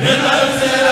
min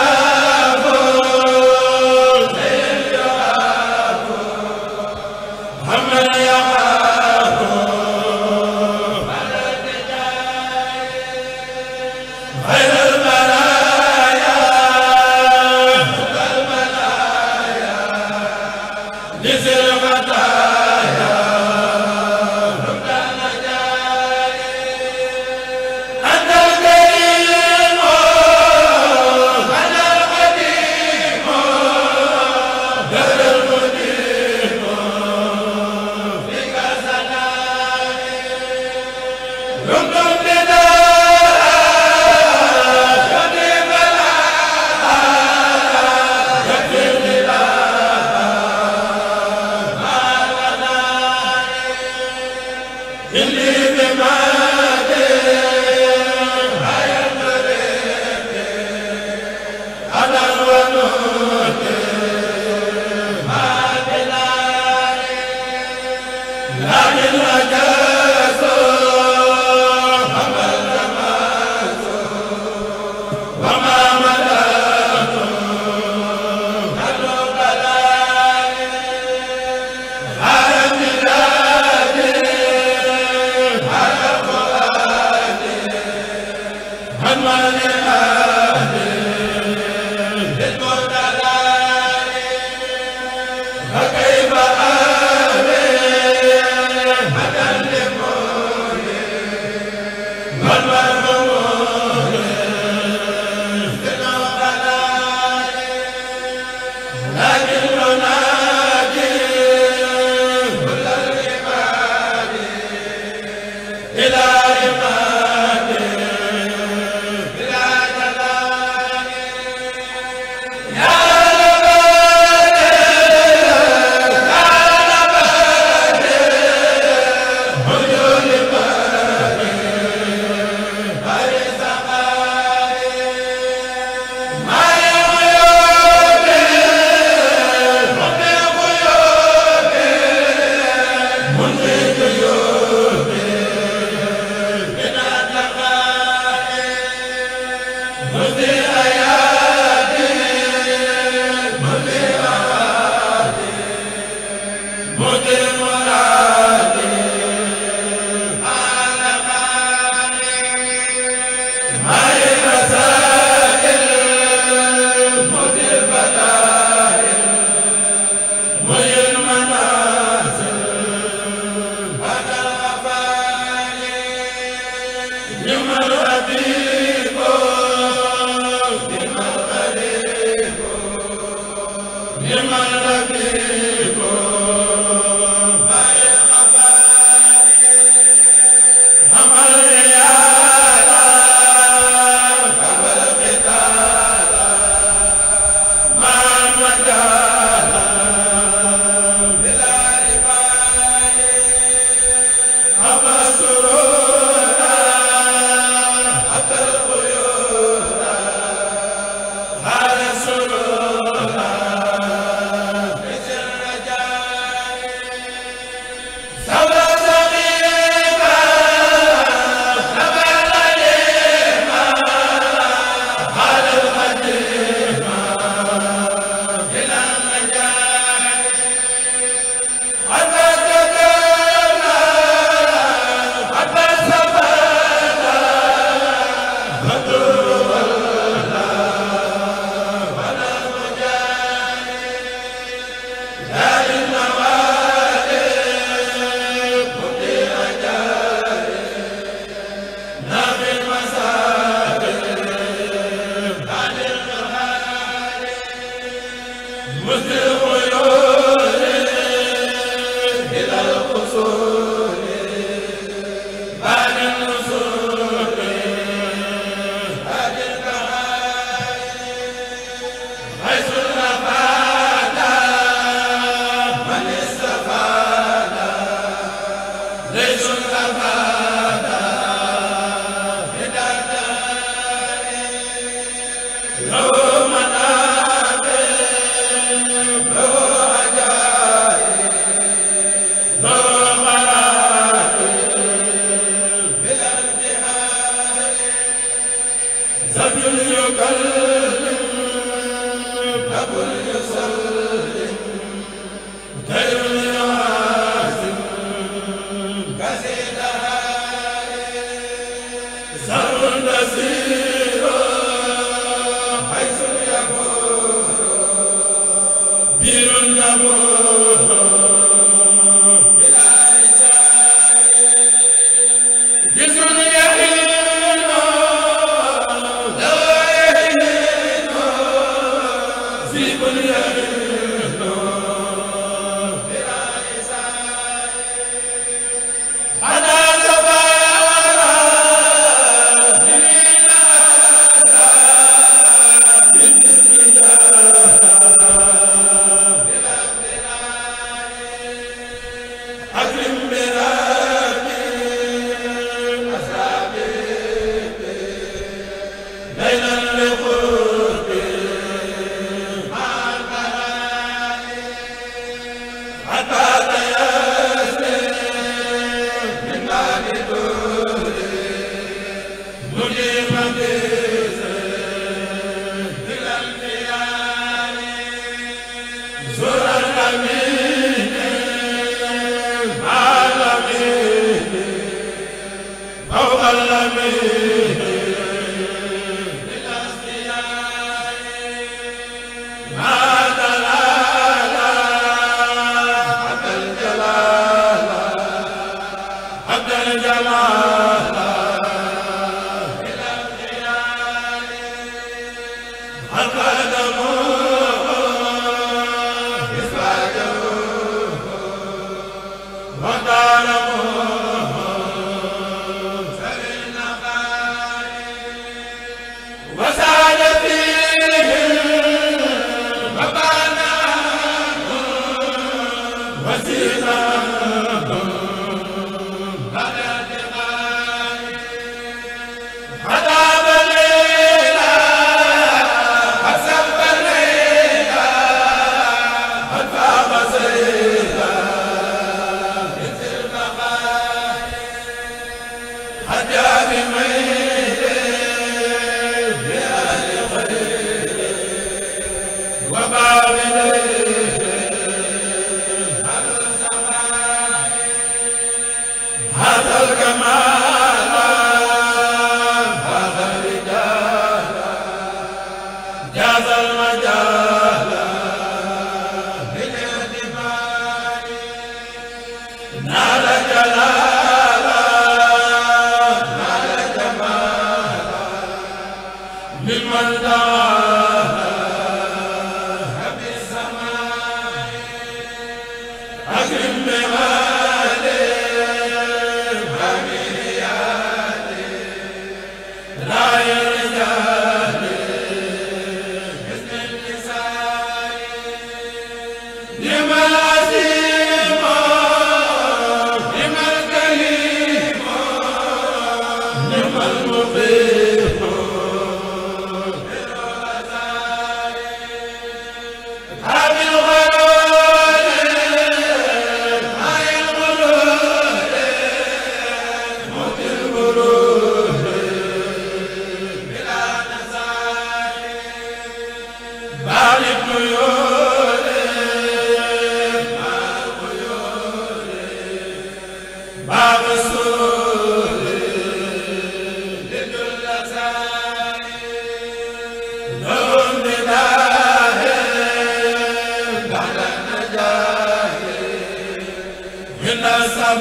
Amor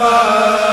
ma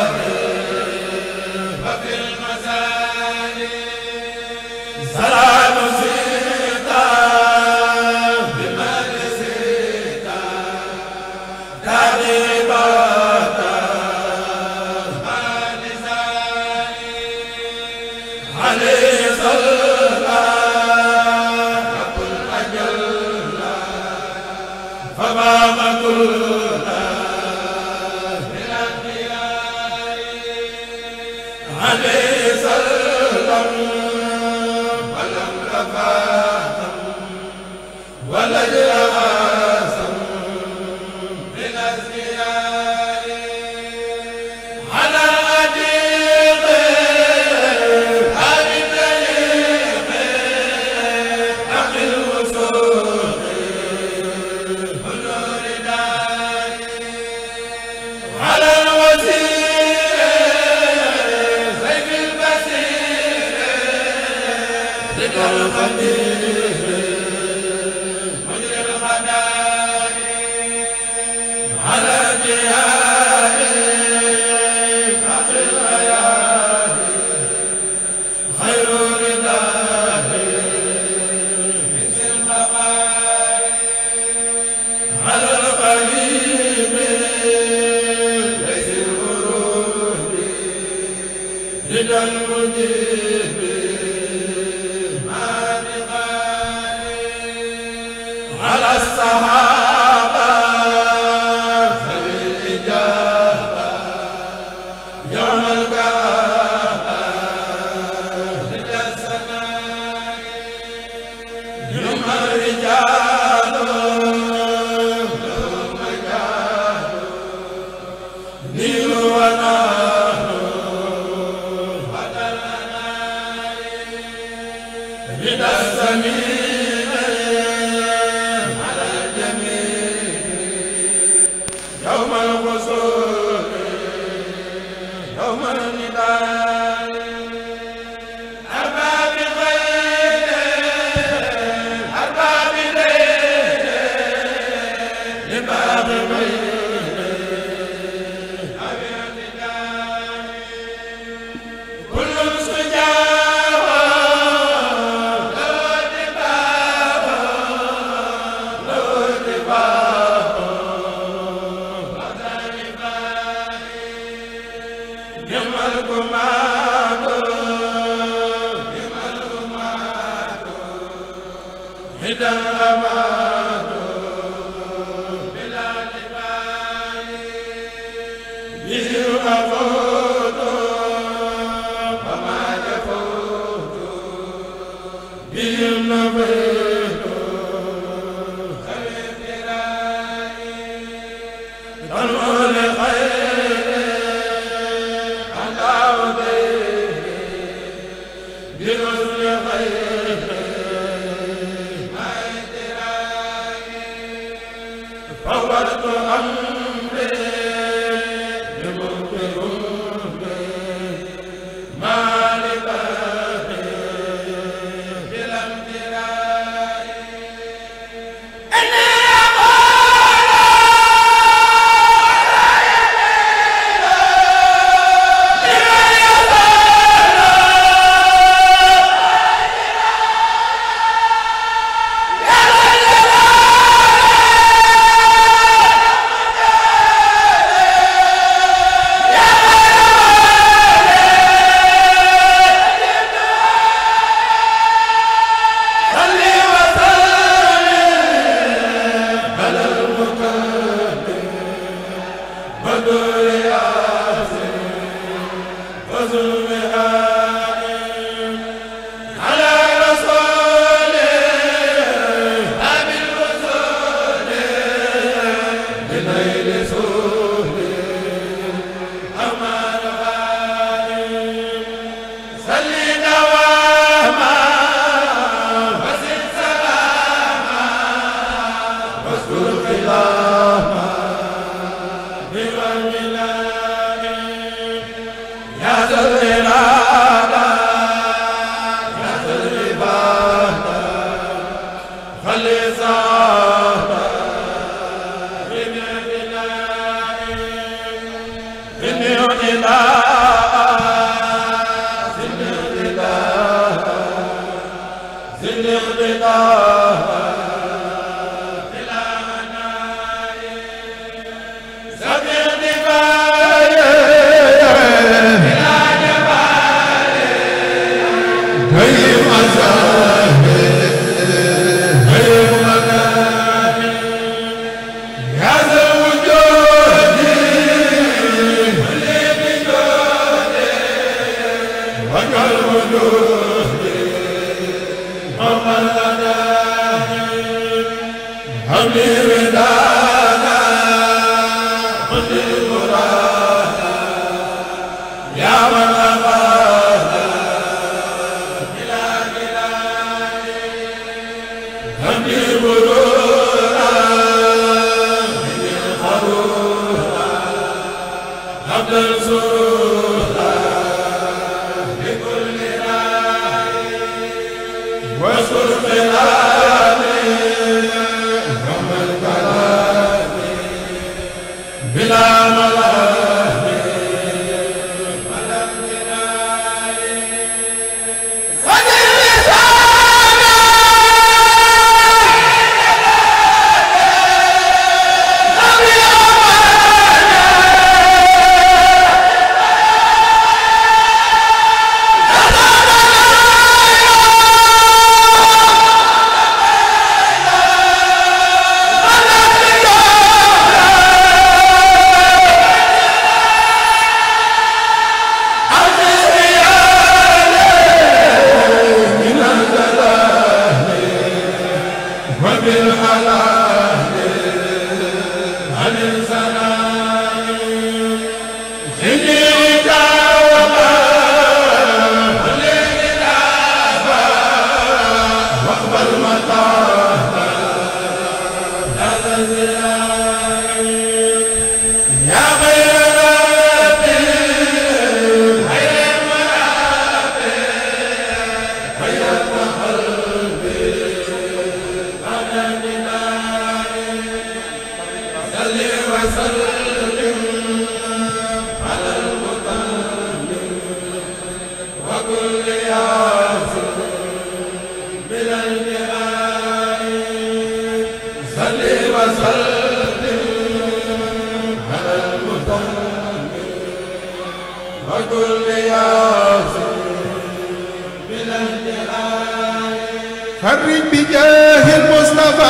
harrij bi jaahil Mustafa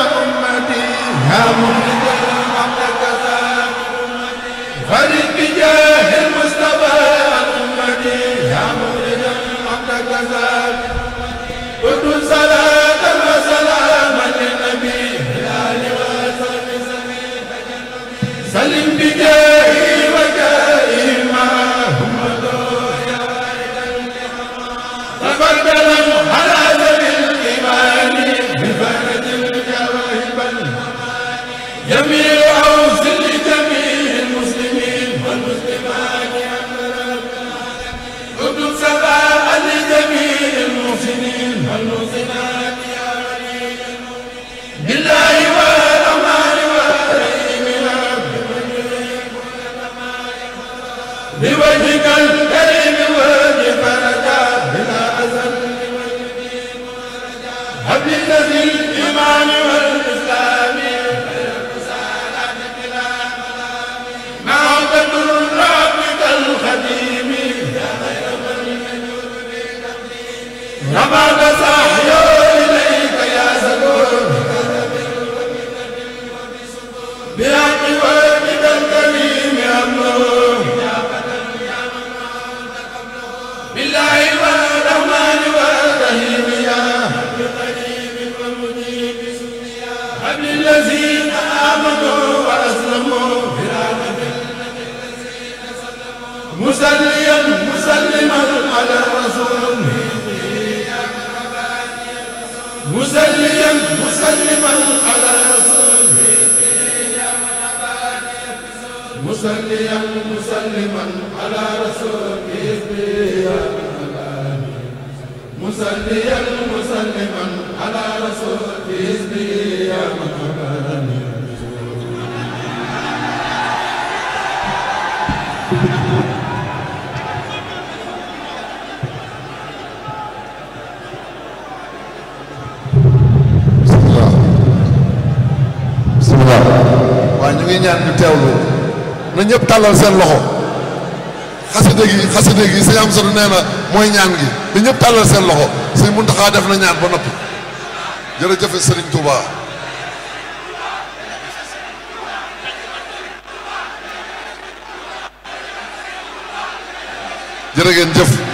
an ummati musalliyan musalliman ala rasulihi musalliyan musalliman ala rasulihi musalliyan musalliman ala rasulihi ngi ñaan ñu teewlu na ñëpp tàllal seen loxo xasida gi xasida gi sëñ Amsatu nee na mooy ñaan gi da ñëpp tàllal seen loxo sëñ xaa def na ñaan ba noppi jërëjëf sëriñ Touba. jërë ngeen jëf